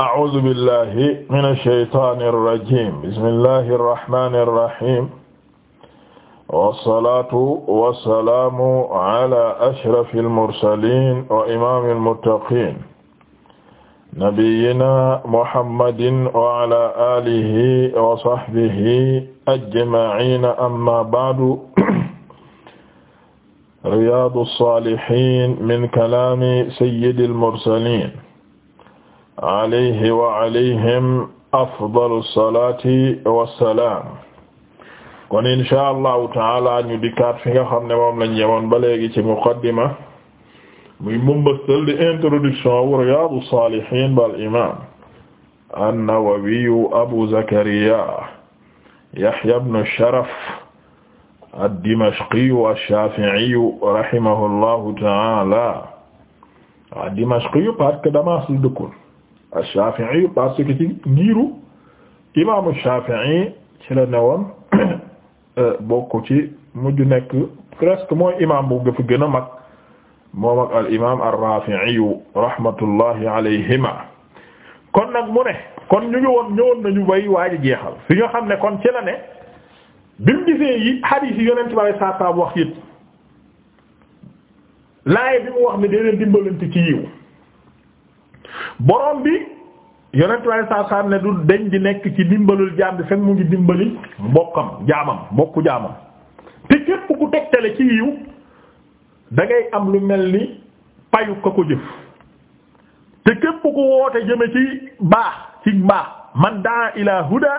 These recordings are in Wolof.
a'uuzu billahi mina shaytaani rajiim bismillahi rahmaani rahiim wasalaatu wasalaamu ala ashrafil mursaliin wa imaamil muttaqiin nabiyyinaa muhammadin wa ala aalihi wa sahbihi ajma'iina amma ba'du riyaadu saalihiin min kalaami sayyidil mursaliin alayhi wa alayhim afdalu salaati wa salaam kon insha allahu taala ñu dikkaat fi nga xam ne moom lañ yemoon ba léegi ci muqaddima muy mumbastal di introduction wu Riyaadu Saalihiin ba al imaam an-Nawawiyu Abu Zakariya Yahya ibnu Sharaf ad-Dimashqiyu ash-Shaafi'iyu rahimahullahu taala ad-Dimashqiyu parce que Damas la dëkkoon Shafi'i parce que ci giiru imaamu Shafi'i ci la newoon euh, bokk ci mujj nekk presque mooy imaam bu nga gën a mag moom ak al imaam ar-Rafi'i rahmatullahi alayhima kon nag mu ne kon ñu ngi woon ñëwoon nañu bay waaj a jeexal fi nga xam ne kon ci la ne bi mu gisee yi hadith yi yonent bi saa saa wax it laaye bi mu wax ne dee leen dimbalante ci yiw borom bi yonent waaye saa saa ne du dañ di nekk ci dimbalul jaam bi fekk mu ngi dimbali mbokkam jaamam mbokku jaamam te képp ku tegtale ci yiw da am lu mel ni payu ka ko jëf te képp ku woote jëme ci baax ci baax man daa ila huda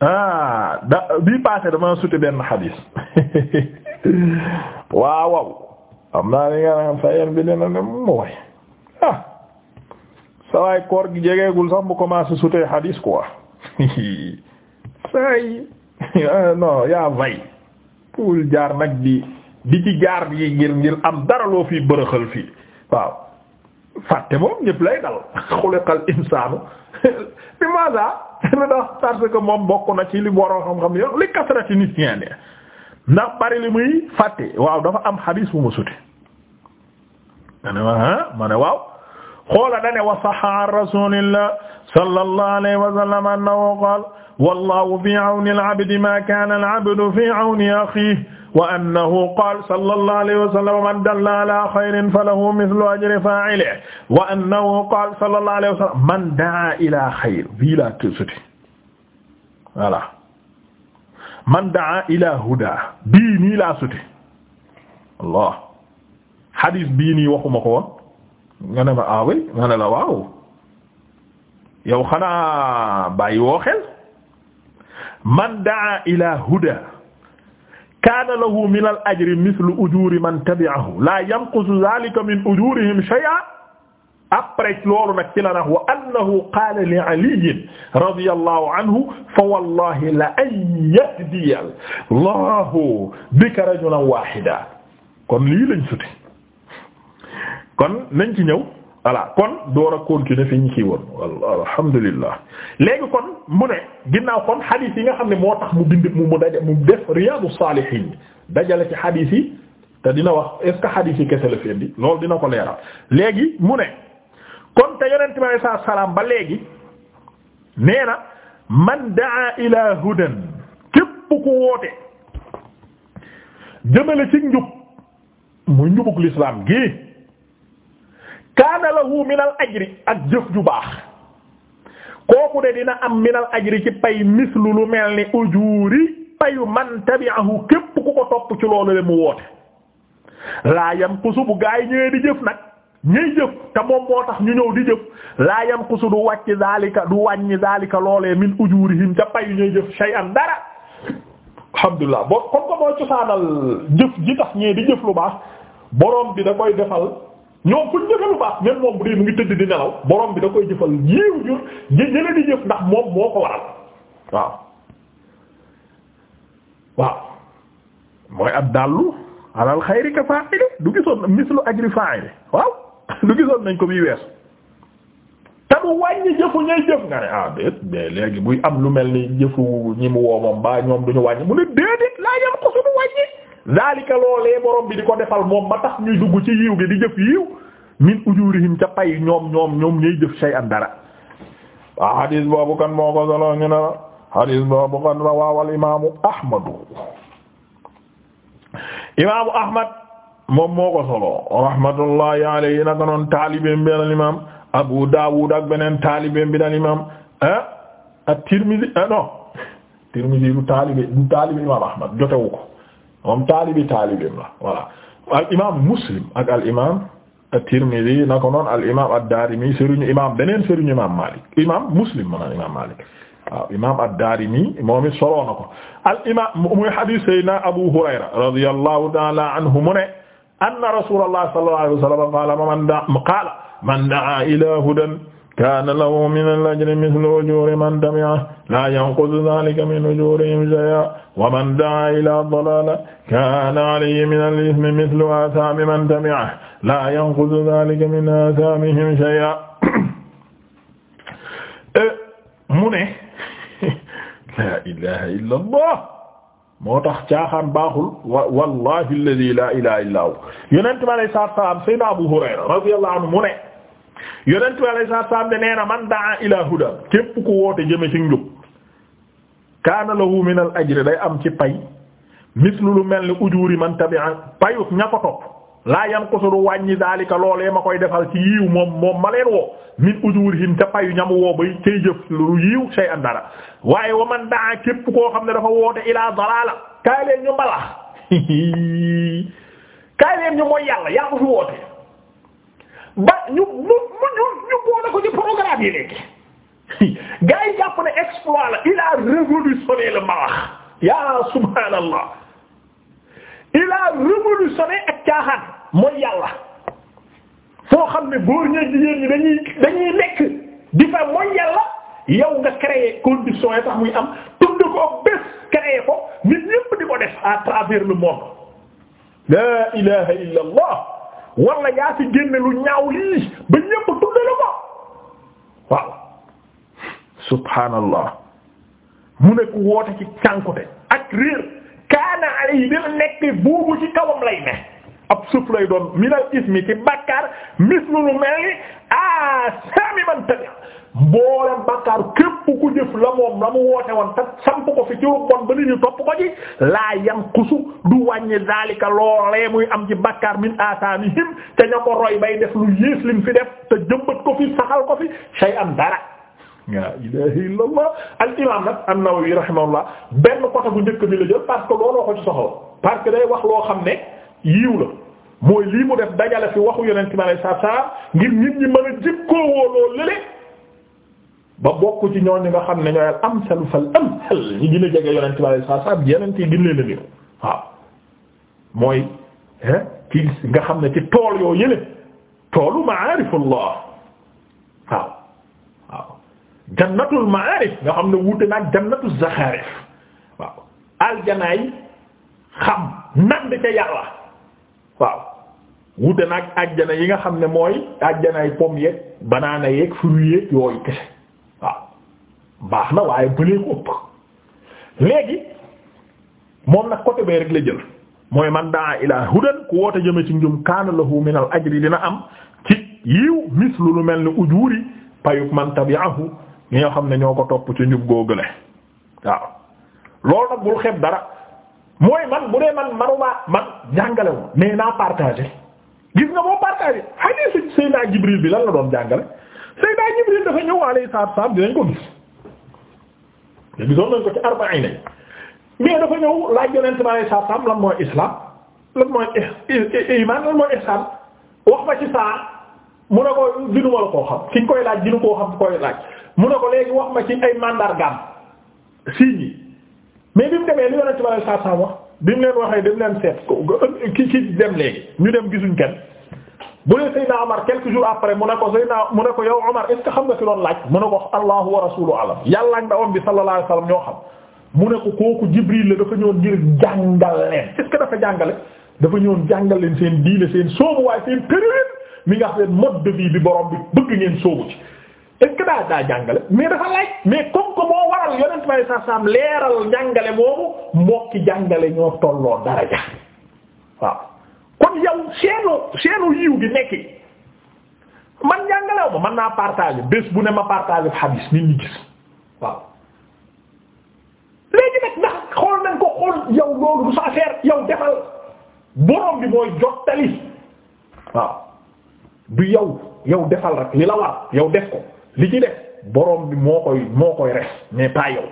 ah da bii passé dama sute benn xadiis waaw waaw am naa li nga naan sa yeen bi dina ne mu way ah sawaay koor gi jegeegul sax mu commencé sutee hadis quoi saay euh, non yaa vay poul jaar nag di di ci jaar yi ngir ngir am dara loo fii bërëxal fii waaw fàtte moom ñëpp lay dal xuliqal insaanu bi parce que moom bokk na ci li waroo xam-xam yo li kasrati nit ñeen ndax bari li muy fàtte waaw dafa am hadis bu ma sute ah, ma ne waaw xoola dane wa sahha an rasulillah sallallahu alayhi wa sallam annahu qaala wallahu fi awni al-abdi ma kana al-abdu fi awni akhihi wa annahu qaala sallallahu alayhi wa sallam man dalla ala khayrin falahu mithlu ajri fa'ilihi wa annahu qaala sallallahu alayhi wa sallam man da'a ila khayr bila tusuti voilà man daa ila huda bii nii laa suti allah hadis bii nii waxuma ko woon nga ne ma awey ah nga ne la waaw yow xanaa bàyyi woo xel man daa ila huda kaana lahu min al ajri mithlu ujuri man tabi'ahu la yanqusu dhalika min ujurihim shay'an après loolu nag ci la nax wa annahu qaala li ali radiyallahu anhu fa wallahi la an yahdiya allahu bika rajulan wahida kon lii lañ suti kon nañ ci ñëw voilà kon door a continuer fi ñu ci woon alhamdulillah léegi kon mu ne ginnaaw kon hadith yi nga xam ne moo tax mu bind mu mu daja mu def riyaadu saalihiin dajale ci hadith yi te dina wax est ce que hadith yi kese la fi bi loolu dina ko leeral léegi mu ne kon te yonent bi salaam ba léegi nee man daa ilaa hudan képp ku woote jëmale ci njub muy njubug l'islam gi kaana lahu minal ajri ak jëf ju baax kooku de dina am minal ajri ci pay mislu lu mel ni ujuuri payu man tabi'ahu képp ku ko topp ci loolu le mu woote laa yam kusu bu gaa yi ñëwee di jëf nag ñuy jëf te moom moo tax ñu ñëw di jëf laa yam kusu du wàcc zalika du wàññi zalika loolee min ujuurihim ca payu ñuy jëf shay'an dara alhamdulillah boo kon ko mooy cosaanal jëf ji tax ñee di jëf lu baax boroom bi da koy defal ñoom fu ñu jëfee lu baax même moom bu dee mu ngi tëdd di nelaw borom bi da koy jëfal yiiw jur jële di jëf ndax moom moo ko waaw waaw ab dàllu alal du gisoon mislu ajri fa'ili nañ ko bii wees te mu wàññi jëfu ñay jëf nga ne ah déet léegi buy am lu mel ni jëfu ñi mu woo moom ñoom du ñu wàññi mu ne déedéet laa yam ko suñu wàññi daalika loolee borom bi di ko defal moom ba tax ñuy dugg ci yiw gi di jëf yiw min ujurihim ca pay ñoom ñoom ñoom ñuy jëf say an dara waaw boobu kan moo ko solo ñu ne la hadis boobu kan rawahu imaamu ahmadu imaamu ahmad moom moo ko solo rahmatullahi alayhi naka noon taalibeem bi al imaam abu daawud ak beneen taalibeem bi al imaam ah at-tirmidhi ah non imaam ahmad jotewu ko moom taalibi taalibeem la voilà al imaam muslim ak al imaam at-Tirmidhi na ko noon al imaam ad-Daarimi sëriñu imaam beneen sëriñu imaam Maalik imaam muslim ma naan imaam Maalik waaw imaam ad-Daarimi moom it soloo na ko al imaam muy hadiis Seydina Abu Hurayra radiyallahu ta'ala anhu mu ne anna rasuulallahi sallallahu alayhi wa sallam qaala man da'a man da'a ilaa hudan kaana lahu min al-ajri mithlu ujuri man tabi'ahu laa yanqusu dhaalika min ujurihim shay'an wa man da'aa ilaa dalaala kaana alayhi min al-ithmi mithlu aathaami man tabi'ahu laa yanqusu dhaalika min aathaamihim shay'an eh, mu ne laa ilaaha illa Allah moo tax caaxaan baaxul wallaahi alladhii laa ilaaha illaa huwa yonent bi alayhi salaatu wa salaam sayyidunaa Abu Hurayra radiyallaahu anhu mu ne yonent bi alayhi salaam de man daa ila huda képp ku woote jëme ci njub kaana lahu min al ajri day am ci pay mislu lu mel ni ujuuri man tabi'a payut ña ko topp laa yan ko suru wàññi daalika loolee ma koy defal ci yiiw moom moom ma leen woo min ujuurihim ca payu ñamu woo bay cay jëf lu yiiw say andara waaye wa man daa képp koo xam ne dafa woote ilaa dalaala kaay leen ñu mbalax kaay leen ñu mooy yàlla yaa ko fi woote ba ñu mu mu ñu ñu boole ko ci programme yi léegi gars yi jàpp ne exploit la il a révolutionné le marax ya subhanallah il a révolutionné ak caaxaan mooy yàlla foo xam ne góor ñee jigéen ñi dañuy nekk di fa mooy yàlla yow nga créer condition yi tax muy am tudd ko bés créer ko nit ñépp di ko def à travers le monde la ilaha illa wala yaa fi génne lu ñaaw lii ba ñépp tuddale ko waaw subhaanallah mu ne ku woote ci cànkute ak réer kaana alay dina nekk buubu ci kawam lay ne ab suuf lay doon minal ismi ci bàkkaar mislu lu mel ni ah man tabi mboolem bàkkaaru képp ku jëf la moom la mu woote woon te samp ko fi ci lu bon ba nit ñu topp ko ci laa yan kusu du wàññi daalika loolee muy am ci bàkkaar min asaamihim te ña ko roy bay def lu yées lim fi def te jëmbat ko fi saxal ko fi shay am dara la ilaha illa allah al benn côté bu njëkk bi la jël parce que looloo ko ci soxal parce que day wax loo xam ne yiiw la mooy lii mu def dajale fi waxu yonent bi alayhi salaatu salaam ngir nit ñi mën a jëkkoo wooloo lële ba bokk ci ñooñu nga xam ne ñooy al amsalu fal amsal ñi gën a jege yonent bi saa saa yenente yi gën leen a niru waaw mooy ci nga xam ne ci tool yoo yële toolu ma'arifullah waaw waaw jannatul nga xam ne wuute naag jannatu zaxarif waaw aljanaay xam nand ca yi nga xam ne mooy ajjanaay pomme yeeg banaana yeeg fruit yeeg yooyu kese baax na waaye bëlee ko ëpp léegi moom nag côté bee rek la jël mooy man daa ilaa hudan ku woote jëme ci njum kaana lahu min al ajri dina am ci yiw mislu lu mel ni ujuuri payuk man tabi'ahu ñi nga xam ne ñoo ko topp ci njub googale waaw loolu nag bul xeeb dara mooy man bu dee man manuma man jàngale woon mais naa partagé gis nga boo partagé hadiisu Seydina Jibril bi lan la doon jàngale Seydina Jibril dafa ñëw alayhi salaatu wa salaam dinañ ko gis te gisoon nañ ko ci arba'iin mais dafa ñëw laaj yonent bi alayhi salaam lan la islam lan mooy iman lan mooy ihsan wax ma ci saa mu a ko dinu wala koo xam ki koy laaj dinu koo xam koy laaj mu ne ko léegi wax ma ci ay mandargaam signes yi mais bi mu demee li yonent bi alayhi salaam wax bi mu leen waxee dem leen seet ki ci dem léegi ñu dem gisuñ kenn. bu dee Seydina Omar quelques jours après mu ne ko Seydina mu ne ko yow Omar est ce que xam nga fi doon laaj mu ne ko allahu wa rasulu alam yàlla ak ndawam bi sallallahu alayhi wasallam ñoo xam mu ne ko kooku Jibril la dafa ñëwoon ngir jàngal leen est dafa jàngale jàngal leen seen diine seen soobu waaye seen nga xam ne mode de vie bi borom bi bëgg ngeen soobu ci est ce que daa daa jàngale mais dafa laaj mais comme que moo waral yonent bi sallallahu alayhi wasallam leeral jàngale moomu mbokki jàngale ñoo tolloo daraja waaw. kon yow seenu seenu yiw gi nekki man njàngalew man naa partager bés bu ne ma partager xadiis nit ñi gis waaw léegi nag ndax xool nañ ko xool yow loolu sa affaire yow defal borom bi mooy jottali waaw du yow yow defal rek li la war yow def ko li ci def borom bi moo koy moo koy res mais pas yow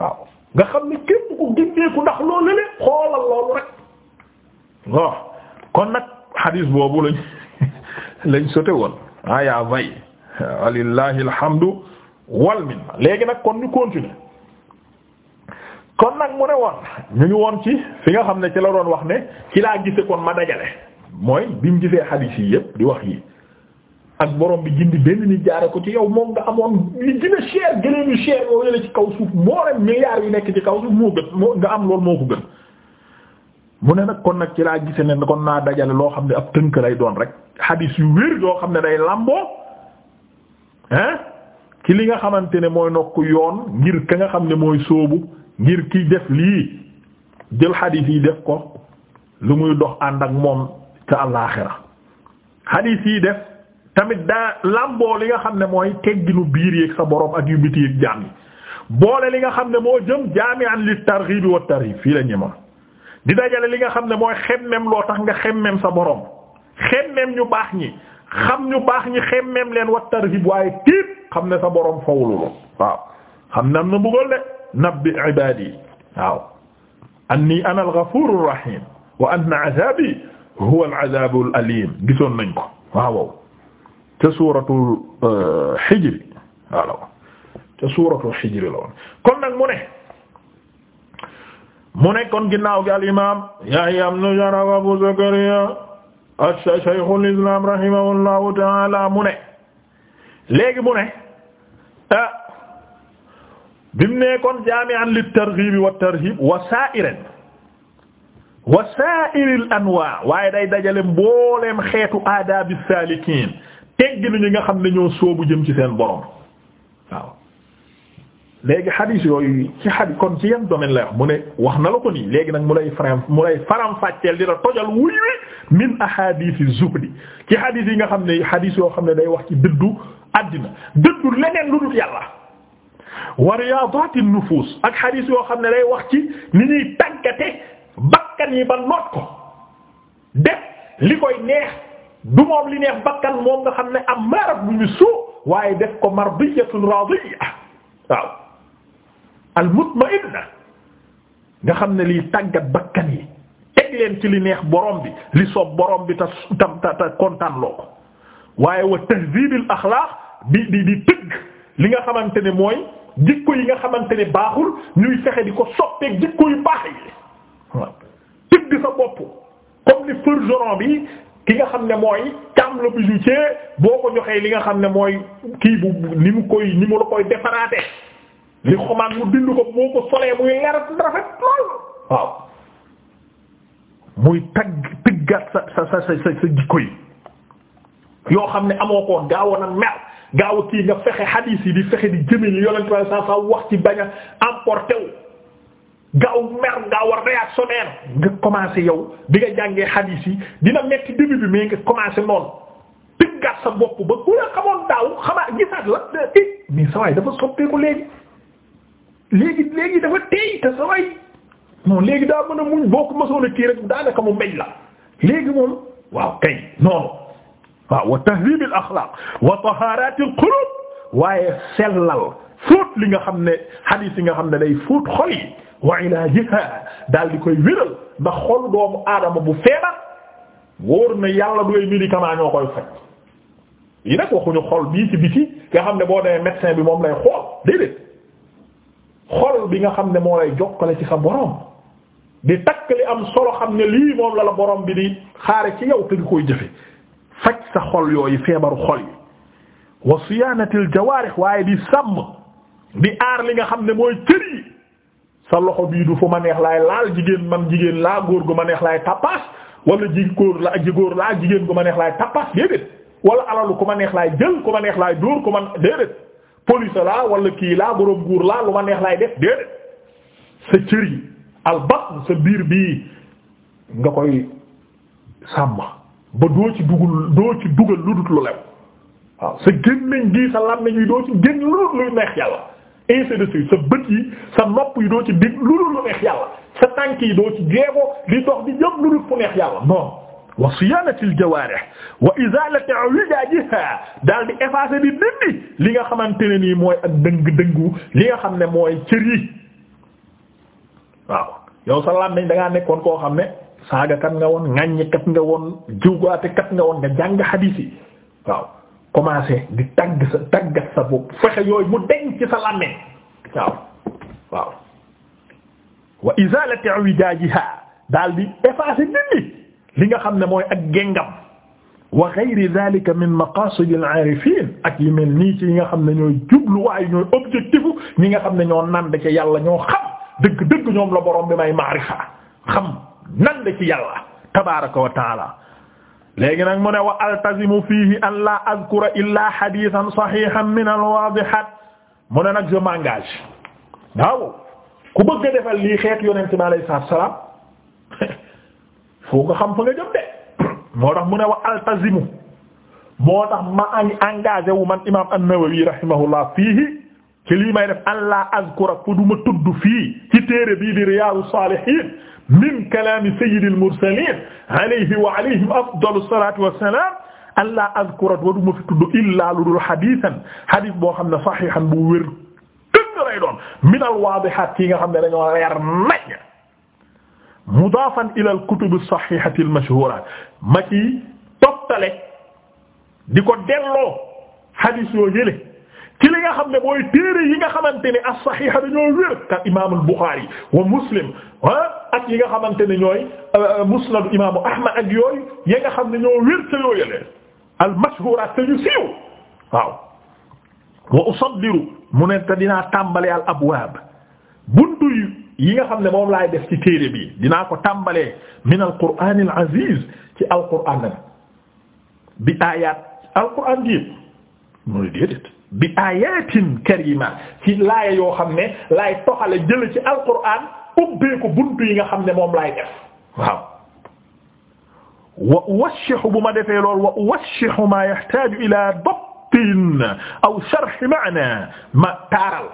waaw nga xam ne képp ku gindeeku ndax loolu la xoolal loolu rek waaw kon nag xadiis boobu lañ lañ sote woon ah yaa vay walillahi alhamdu wal minna léegi nag kon ñu continuer kon nag mu ne woon ñu ngi woon ci fi nga xam ne ci la doon wax ne ci laa gise kon ma dajale mooy bi mu gisee xadiis yi yépp di wax yi ak boroom bi jindi benn nit jaare ko ci yow moom nga amoon li gën a cher gënee ñu cher yoo ci kaw suuf moo rek milliards yu nekk ci kaw suuf moo gën moo nga am loolu moo ko gën mu ne nag kon nag ci laa gise ne kon naa dajale loo xam ne ab tënk lay doon rek xadiis yu wér yoo xam ne day làmboo hein ci li nga xamante ne mooy nokk yoon ngir ka nga xam ne mooy sóobu ngir ki def lii jël xadiis yi def ko lu muy dox ànd ak moom ca àllaaxira xadiis yi def tamit daa làmboo li nga xam ne mooy tegginu biir yeeg sa borom ak yu biti yeeg jaam yi boole li nga xam ne moo jëm jaami'an li targhib wa tarhib fii la ñemoon di dajale li nga xam ne mooy xemmem loo tax nga xemmem sa borom xemmem ñu baax ñi xam ñu baax ñi xemmem leen wat tarhib waaye tiit xam ne sa borom fawlulu waaw xam ne am na mbugal de nabbi ibadi waaw anni ana al-ghafurur rahim wa anna azabi huwa al-azabul alim gisoon nañ ko waaw ca suuratul euh, hijr waaw kon nag mu ne mu nekkoon ginnaaw gi al imaam Yahya ibn Sharaf Abu Zakariya ash-Shaykhul Islam rahimahullahu ta'ala mu ne léegi mu ne ah bi mu nekkoon jaami'an lit-targhib wat-tarhib wa saa'iran wa saa'iril anwaa waaye day dajale mbooleem xeetu aadaabi saalikiin tegg ni ñi nga xam ne ñoo soobu jëm ci seen borom léegi xadiis yooyu ci xadiis kon ci yan domaine lay mu ne wax na la ko nii léegi nag mu lay faram mu lay faram fàcceel di la tojal wuy wi min ahadisi zuhdi ci xadiis yi nga xam ne xadiis yoo xam ne day wax ci dëddu àddina dëddu leneen lu dul yàlla wa riyaadaati nufuus ak xadiis yoo xam ne day wax ci ni ñuy tàggate bakkan yi ba noot ko def li koy neex du moom li neex bakkan moom nga xam ne am maarat bu ñu waaye def ko mardiyatun raadiya waaw al mutma'inna nga xam ne liy tàggat bakkan yi teg leen ci li neex boroom bi li soob boroom bi ta ta ta kontaan loo ko waaye wa tahzibil axlaaq di di di tëgg li nga xamante ne mooy jikko yi nga xamante ne baaxul ñuy fexe di ko soppeek jikko yu baax yi waaw tëgg sa bopp comme ni forgeron bi ki nga xam ne mooy cam le bijoutier boo ko joxee li nga xam ne mooy kii bu ni mu koy ni mu la koy defaraate li xumaan mu dind ko moo ko solee muy lerat rafet lool waaw muy tagg tëggat sa sa sa sa sa jikko yi yoo xam ne amoo ko gaaw a mer gaaw a kii nga fexe hadith yi di fexe di jëme ni yonent bi saa saa wax ci bañ a emporté wu gaaw mer gaaw a réactionnaire nga commencé yow di nga jàngee hadith yi dina metti début bi mais nga commencé noonu tëggat sa bopp ba ku la xamoon daaw xamaa gisaat la mais eh, sa waay dafa soppeeku léegi. léegi léegi dafa téy te saway léegi daa mën a muñ boo ko masoon a kii rek daanaka mu mbéj la léegi moom waaw kay noonu waaw wa tahdib al axlaq wa taharat al qulub waaye sellal fóot li nga xam ne hadith yi nga xam ne day fuut xol yi wa ilaajiha daal di koy wéral ndax xol doomu aadama bu feebar wóor na yàlla du ay médicament ñoo koy faj yi nag waxuñu xol bii ci biti nga xam ne boo demee médecin bi moom lay xool déedéet xol bi nga xam ne moo lay jokkale ci sa borom di takk li am solo xam ne lii moom la la borom bi di xaare ci yow te nga koy jëfe faj sa xol yooyu feebaru xol yi wa siyaanatil jawaarih waaye di sàmm di aar li nga xam ne mooy cër yi sa loxo bii du fu ma neex laay laal jigéen man jigéen laa góor gu ma neex laay tappaas wala ji góor la ji góor laa jigéen gu ma neex laay tappaas déedéet wala alalu ku ma neex laay jël ku ma neex laay dóor ku ma déedéet police laa wala kii laa boroom nguur laa lu ma neex laay def déedéet sa cër yi albatn sa biir bii nga koy sàmm ba doo ci dugul doo ci dugal lu dut lu lew waaw sa gémmiñ gi sa làmmiñ yi doo ci génn lu dut luy neex yàlla ainsi de suite sa bët yi sa nopp yi doo ci dégg lu dut lu neex yàlla sa tànk yi doo ci jeego di dox di jëm lu dut fu neex yàlla non wa siyaanati al-jawaarih wa izaalati wijaajiha daal di effacer di dindi li nga xamante ne nii mooy ak dëng-dëngu li nga xam ne mooy cër yi waaw yow sa làmmiñ da ngaa nekkoon koo xam ne saaga kat nga woon ŋaññi kat nga woon jiwgaate kat nga woon nga jàng xadiis yi waaw commencé di tagg sa taggat sa bopp fexe yooyu mu deñ ci sa làmmiñ waaw waaw wa izaalati wijaajiha daal di effacer dindi li nga xam ne mooy ak géngam wa ghayri dhalika min maqasid al arifin ak yi mel nii ci yi nga xam ne ñooy jubluwaay ñooy objectifu ñi nga xam ne ñoo nand ci yàlla ñoo xam dëgg-dëgg ñoom la borom bi may maarifa xam nand ci yàlla tabaraka wa taala léegi nag mu ne wa altazimu fiihi an la azkura illa hadithan sahihan min alwadihat mu ne nag je m'engage waaw ku bëgg a defal lii xeet yonente bi alayhi salaam foo nga xam fa nga jëm de moo tax mu ne wa altazimu moo tax ma añ engagé wu man imam an-Nawawi rahimahullah fiihi ci lii may def allah azkura fu duma tudd fii ci téere bii di Riyadou Salihine min kalaami sayyidil mursaliin alayhi wa alayhim afdalu salaatu wa salaam allah azkura wa duma fi tudd illaa lu dul hadiisan hadiis boo xam ne sahihan bu wér dëgg lay doon min al waadihaat yi nga xam ne dañoo leer nañ mudaafan ila al kutub as sahihati al mashhura ma ci toftale di ko delloo hadith yoo yële ci li nga xam ne mooy téere yi nga xamante ne as sahiha dañoo wér ka imaamul Bukhari wa muslim ah ak yi nga xamante ne ñooy euh, musnad imaamu Ahmad ak yooyu yi nga xam ne ñoo wér ca yoo yële al mashhura te ñu siiw waaw wa usaddiru mu ne te dinaa tàmbale al abwaab yi nga xam ne moom laay def ci téere bi dinaa ko tàmbalee min al al aziz ci al qur'an bi ayat al qur'an bi mooy déedéet bi ayatin karima ci laaya yoo xam ne laay toxale jële ci al qur'an ubbee buntu yi nga xam ne moom laay def waaw wa uwashihu bu ma defee lool wa uwashihu ma yahtaju ila dabtin aw sharh ma'na ma taaral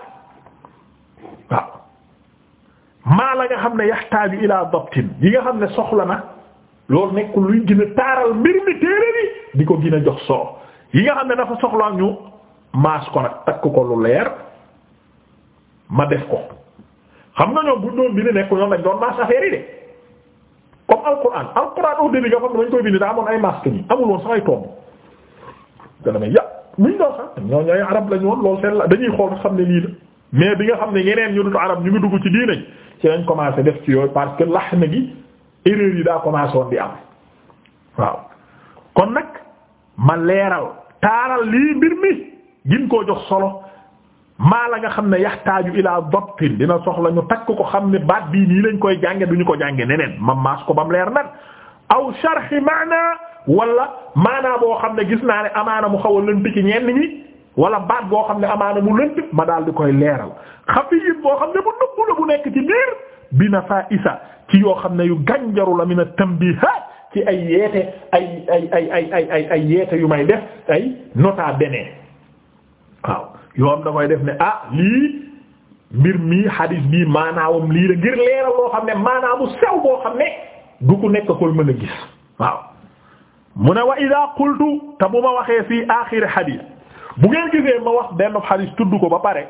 maa la nga xam ne yaxtaaju ila dabtin yi nga xam ne soxla na loolu nekk luy gën a taaral mbir mi téere bi di ko gën a jox soo yi nga xam ne dafa soxla ñu maas ko nag takk ko lu leer ma def ko xam na ñoom bu bi ni nekk ñoom dañ doon maas affaire yi de comme alquran alquran au début nga xam ne dañ koy bind daa amoon ay masque ni amul woon sax tomb te damay yàpp muñ sax ñoo arab lañu woon seen la dañuy xool xam ne lii la mais bi nga xam ne ñeneen ñu dut arab ñu ngi dugg ci diine ci lañ commencé def ci yooyu parce que lax na gi erreur yi daa commencé woon di am waaw kon nag ma leeral taaral lii mbir mi gin koo jox solo maa la nga xam ne yaxtaaju ilaa doptin dina soxla ñu takk ko xam ne baat bii nii lañ koy jànge duñu ko jànge neneen ma maas ko bam leer nag aw sharhi maana walla maana boo xam ne gis naa ne amaana mu xaw a lënt ci ñenn ñi wala baat boo xam ne amaana mu lënt ma daal di koy leeral xafiyin boo xam ne bu nëbbu la bu nekk ci biir bi nafa isa ci yoo xam ne yu gànjaru la min at-tanbihat ci ay yeete ay ay ay ay ay ay yeete yu may def ay nota bene waaw yoo da koy def ne ah lii mbir mii hadis bii maanaawam lii la ngir leeral loo xam ne maanaamu sew boo xam ne du ku nekk koy mën a gis waaw mu ne wa ida qultu te bu ma waxee fii axiri hadis bu ngeen gisee ma wax benn xadis tudd ko ba pare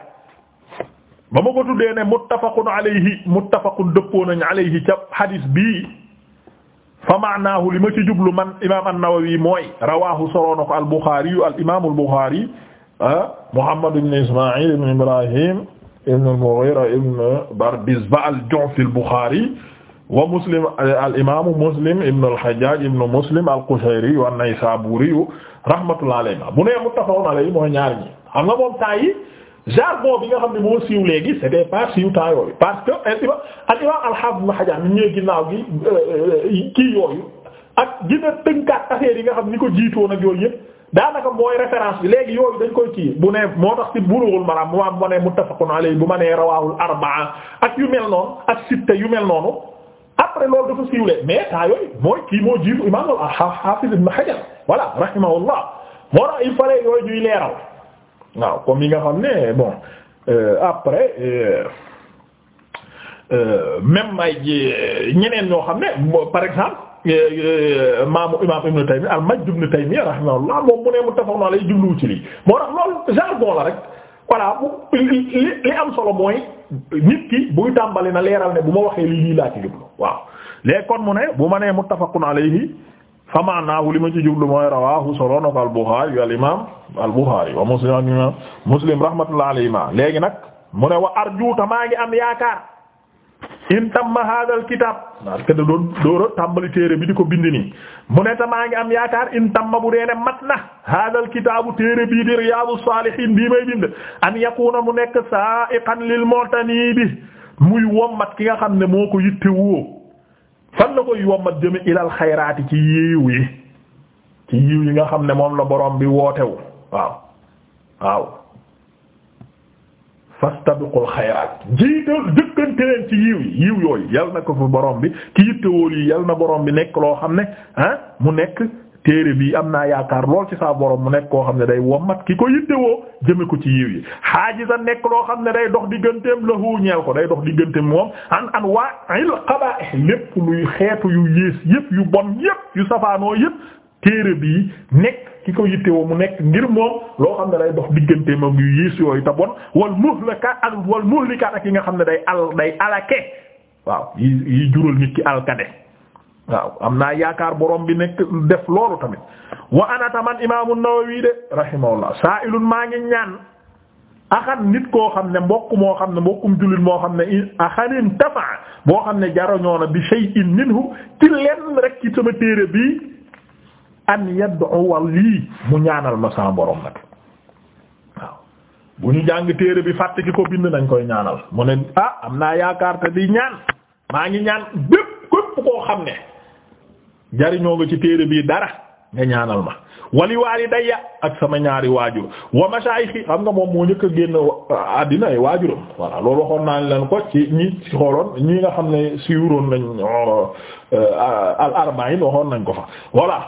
ba ma ko tuddee ne muttafaqun dëppoo nañ alayhi ca xadis bii fa maanaahu li ma ci jublu man imaam an-Nawawi mooy rawaahu soroona ko al-Bukhari yu al imaamul Bukhari ah, Muhammad ibn Isma'il ibn Ibrahim ibn al-Mughira ibn Bardizbah al bukhari wa Muslim al imaamu Muslim ibn al-Hajjaj ibn Muslim al-Qushayri wa an-Naysaburi rahmatullah alayhi bu nee muttafaqun alayhi mooy ñaar ñi xam nga moom temps yi jargon bi nga xam ne moo siiw léegi c'était pas siiw temps yooyu parce que al imam al-Hafiz Ibn Hajar mi ñëwee ginnaaw gi euh, euh, kii yooyu ak gëna tënkaat affaire yi nga xam ni ko jiitoon ak yooyu yëpp daanaka mooy référence bi léegi yooyu dañ koy kii bu ne moo tax ci Bulughul Maram mu ma nee muttafaqun alayhi bu ma nee rawaahul arbaa ak yu mel noonu ak sitta yu mel noonu après loolu dafa siiwlee mais temps yooyu mooy kii voilà rahimahullah moo tax il fallait yooyu ñuy leeral waaw comme yi nga xam ne bon euh, après euh, euh, même ay ñeneen ñoo xam ne par exemple maamu imam ibnu Taymiyya al-Majd ibnu Taymiyya rahimahullah moom mu ne muttafaqun alayhi jubluwu ci lii moo tax loolu jargon la rek voilà li li am solo mooy nit ki buy tàmbali na leeral ne bu ma waxee lii lii laa ci jublu waaw léegi mu ne bu ma nee muttafaqun alayhi fa maanaahu li ma ci jublu mooy rawaahu solo na ko yu al-imaam wa muslim al-imaam muslim rahmatullahi alayhima wa arjuuta maa ngi am yaakaar in tamma hadha kitaab ndax da doon door tàmbali téere bi di ko bind nii mu ne maa ngi am yaakaar in tamma bu dee ne mat na hadha al-kitaabu téere bii di riyâdous bii may bind an yakuna mu nekk saa'iqan lil mu'tani bi muy wommat ki nga xam ne moo ko yittewoo fan la koy yombat jëme ilal xayraati ci yiw yi ci yiw yi nga xam ne moom la borom bi wootewu waaw waaw fastabiqul xayraat jiital jëkkante leen ci yiw yi yiw yooyu yal na ko fi borom bi ki yittewoo lii yal na borom bi nekk loo xam ne ah mu nekk téere bi am naa yaakaar lool ci saa borom mu nekk koo xam ne day wommat ki ko yittewoo jëme ko ci yiw yi xaajisa nekk loo xam ne day dox digganteem lahu ñeel ko day dox digganteem moom an an waa il qabaa'ih lépp xeetu yépp yu bon yu safaanoo yépp téere bi nekk ki ko yittewoo mu nekk ngir moom loo xam ne day dox digganteem ak yu yées yooyu te bon wal muhlika ak wal muhlikaat ak yi nga xam ne day al day alake waaw yi yi jural nit ki alkade waaw am naa yaakaar boroom bi nekk def loolu tamit wa ana taman imaamu Nawawi de rahimahullah sa'ilun maa ngi ñaan axan nit koo xam ne mbokk moo xam ne mbokkum jullit moo xam ne axanin boo xam ne jarañoo bi shay'in minhu ci lenn sama téere bii an yad'u lii mu ñaanal ma sama jàng téere bi fàtte ki nañ koy ñaanal mu ah, am naa yaakaar te di ñaan maa ngi ñaan bépp képp xam ne jariñoo nga ci téere bii dara nga ñaanal ma wali walidayya ak sama ñaari waajur wa mashayikhi xam nga moom moo njëkk a génn àddina ay waajuram voilà loolu waxoon leen ko ci ñi xooloon ñi nga xam ne siiwuroon nañ euh, al arba'in waxoon nañ ko fa voilà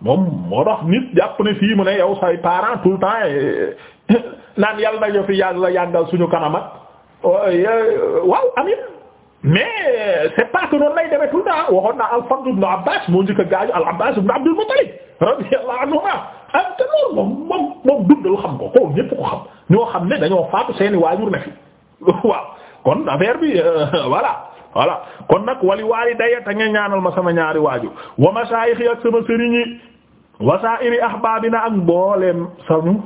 moom moo tax nit jàpp ne fii mu ne yow say parent tout le temps euh, naan yàlla na yo fi yàlla yàggal suñu kanama euh, waaw amin mais c'est pas que noonu lay demee tout le al-Fadl ibn Abbas moo njëkk a gaañu al-Abbas ibn Abdul Muttalib radiyallahu anhuma am ah, te loolu moom moom moom dundal xam ko ko ñépp ko xam ñoo xam ne dañoo faatu seeni waajur na fi waaw kon affaire bi euh, voilà wala kon nag wali waali daya ta nga ñaanal ma sama ñaari waajur wa masaayixi ak sama sëriñ yi wa saa'iri ahbaabina ak mbooleem sanu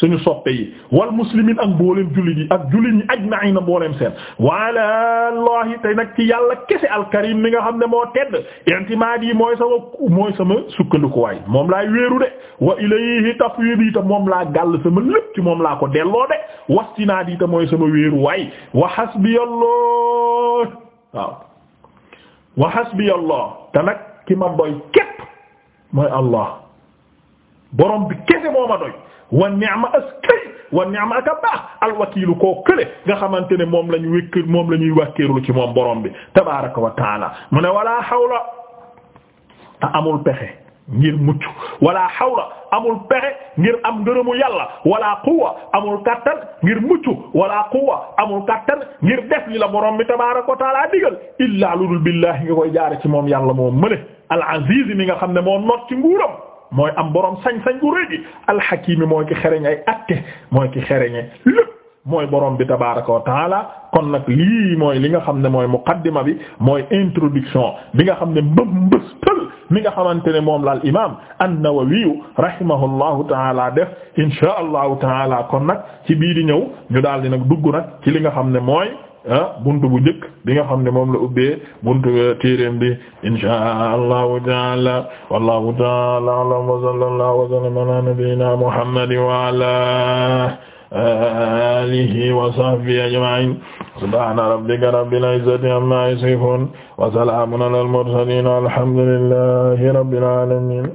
suñu soppe yi wal muslimin ak mboolem jullit yi ak jullit ñi ajma'ina mboolem seen wala Allahi tey nag ci yàlla kese alkarim mi nga xam ne moo tedd intimaad yi mooy sama mooy sama sukkandikuwaay moom laay wéeru de wa ilayhi tafwidi te moom laa gàll sama lépp ci moom laa ko delloo de wastinaad yi te mooy sama waay wa hasbiyallah waaw wa hasbiyallah te nag ki ma doy képp mooy Allah borom bi kese moo ma doy. wa ni'ma askay wa ni'ma aka baax alwakiilu kële nga xamante ne moom la ñu moom la ñuy wàkkeerlu ci moom borom bi tabaaraka wa taala mu ne walaa hawla a amul pexe ngir mucc wala hawla amul pexe ngir am ngërëmu yàlla wala quwwa amul kattan ngir mucc wala quwwa amul kattan ngir def li la borom bi tabaaraka wa taala digal illaa ludul billahi nga ci moom yàlla moom mëne al aziz mi nga xam ne moom not ci nguuram mooy am borom sañ-sañ bu rëy gi alxakiimi mooy ki xereñ ay atte mooy ki xereñe lépp mooy borom bi tabaaraka wa taala kon nag lii mooy li nga xam ne mooy muqaddima bi mooy introduction bi nga xam ne mbëm mbëstal mi nga xamante ne moom la al imaam an-Nawawi rahimahullahu taala def insha allahu taala kon nag ci biir di ñëw ñu daal di nag dugg nag ci li nga xam ne mooy. Ah, buntu bu njëkk bi nga xam ne moom la ubbee buntu téereem bi inshaa allahu taala wallahu taala alam wa sallallahu wa sallama ala nabiyyina muhammadin wa ala alihi wa sahbihi ajma'in subhana rabbika rabbil izzati amma yasifun wa salamun alal mursalin walhamdulillahi rabbil alamin